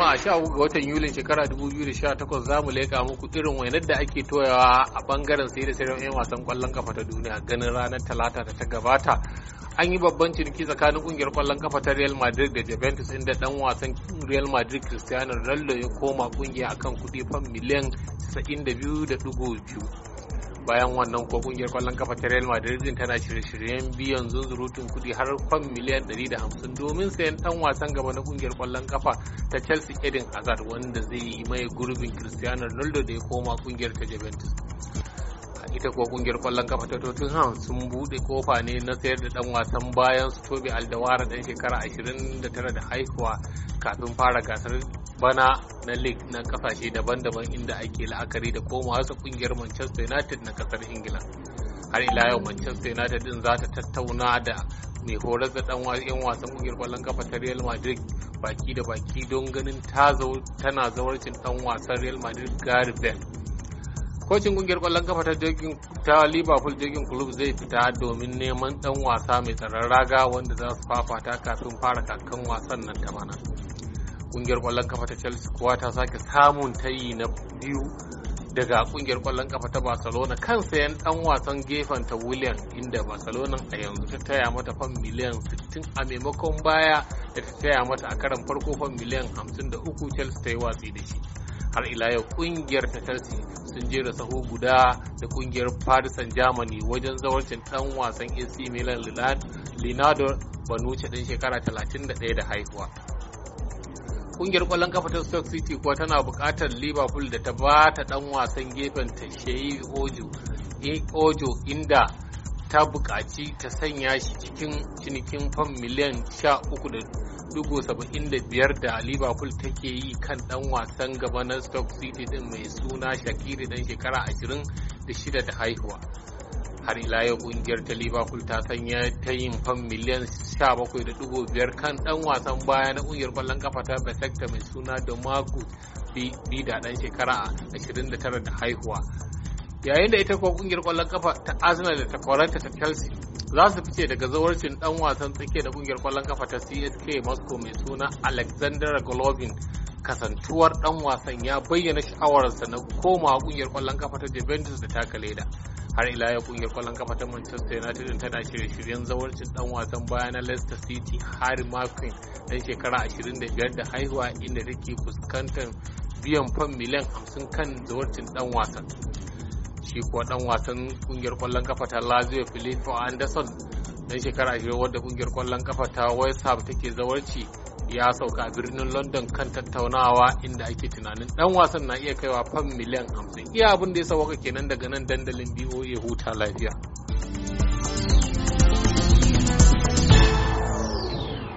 sha 13 ga watan yulin shekara 2018 za mu leka muku irin wainar da ake toyawa a bangaren sai da sayar 'yan wasan kwallon kafa ta duniya ganin ranar talata da ta gabata an yi babban ciniki tsakanin kungiyar kwallon kafa ta Real Madrid da Juventus inda dan wasan Real Madrid Cristiano Ronaldo ya koma kungiya akan kuɗi fan miliyan 92.2 bayan wannan ko kungiyar kwallon kafa ta Real Madrid tana shirye-shiryen biyan zunzurutun kudi har kwan miliyan 150 domin sayan dan wasan gaba na kungiyar kwallon kafa ta Chelsea Eden Hazard wanda zai yi mai gurbin Cristiano Ronaldo da ya koma kungiyar ta Juventus. ita ko kungiyar kwallon kafa ta Tottenham sun bude kofa ne na sayar da dan wasan bayan su Tobi Aldawara dan shekara 29 da haihuwa kafin fara gasar bana na league na kasashe daban-daban inda ake la'akari da komawarsa kungiyar manchester united na kasar ingila har ila yau manchester united din za ta tattauna da mai horar da dan yan wasan kungiyar kwallon kafa ta real madrid baki da baki don ganin ta tana zawarcin dan wasan real madrid gary bell kocin kungiyar kwallon kafa ta jirgin ta liverpool jirgin club zai fita domin neman dan wasa mai tsaron raga wanda za su fafata kafin fara kakan wasan nan ta bana kungiyar kwallon kafa ta chelsea kuwa ta sake samun tayi na biyu daga kungiyar kwallon kafa ta barcelona kan sayan dan wasan gefen ta william inda barcelona a yanzu ta taya mata fan miliyan 60 a maimakon baya da ta taya mata a karan farko fan miliyan 53 chelsea ta yi watsi da shi har ila yau kungiyar ta chelsea sun jera saho guda da kungiyar paris saint germany wajen zawarcin dan wasan ac milan leonardo banucci din shekara 31 da haihuwa kungiyar kwallon kafa ta stoke city kuwa tana bukatar liverpool da ta ba ta dan wasan gefen ta sheyi ojo inda ta buƙaci ta sanya shi cikin cinikin fam miliyan 13.75 da liverpool take yi kan dan wasan gaba na stoke city din mai suna shakiri dan shekara 26 da haihuwa har ila yau kungiyar ta liverpool ta sanya ta yin fan miliyan 17.5 kan dan wasan baya na kungiyar kwallon kafa ta besikta mai suna da marco bida dan shekara 29 da haihuwa yayin da ita kuwa kungiyar kwallon kafa ta arsenal da ta kwaranta ta chelsea za su fice daga zawarcin dan wasan tsakiya da kungiyar kwallon kafa ta csk moscow mai suna alexander golovin kasantuwar dan wasan ya bayyana sha'awarsa na komawa kungiyar kwallon kafa ta Juventus da taka leda. har ila ya kungiyar kwallon kafa ta manchester united tana shirye-shiryen zawarcin dan wasan baya na leicester city harry martin dan shekara 25 da haihuwa inda take fuskantar biyan fam miliyan 50 kan zawarcin dan wasan shi kuwa dan wasan kungiyar kwallon kafa ta lazio filippo anderson dan shekara 20 wadda kungiyar kwallon kafa ta west ham take zawarci ya sauka a birnin london kan tattaunawa inda ake tunanin dan wasan na iya kaiwa fam miliyan 50 iya abin da ya sauka kenan daga nan dandalin boa huta lafiya